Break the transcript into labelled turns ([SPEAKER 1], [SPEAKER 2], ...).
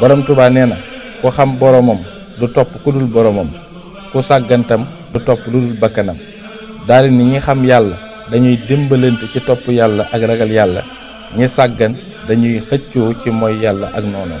[SPEAKER 1] borom tubaa nee na ku xam boromam du topp kudul dul boromam ku saggantam du topp lu bakkanam daal ni ñi xam yàlla dañuy dimbalante ci topp yàlla ak ragal yàlla ñi sàggan dañuy xëccoo ci mooy yàlla ak noonu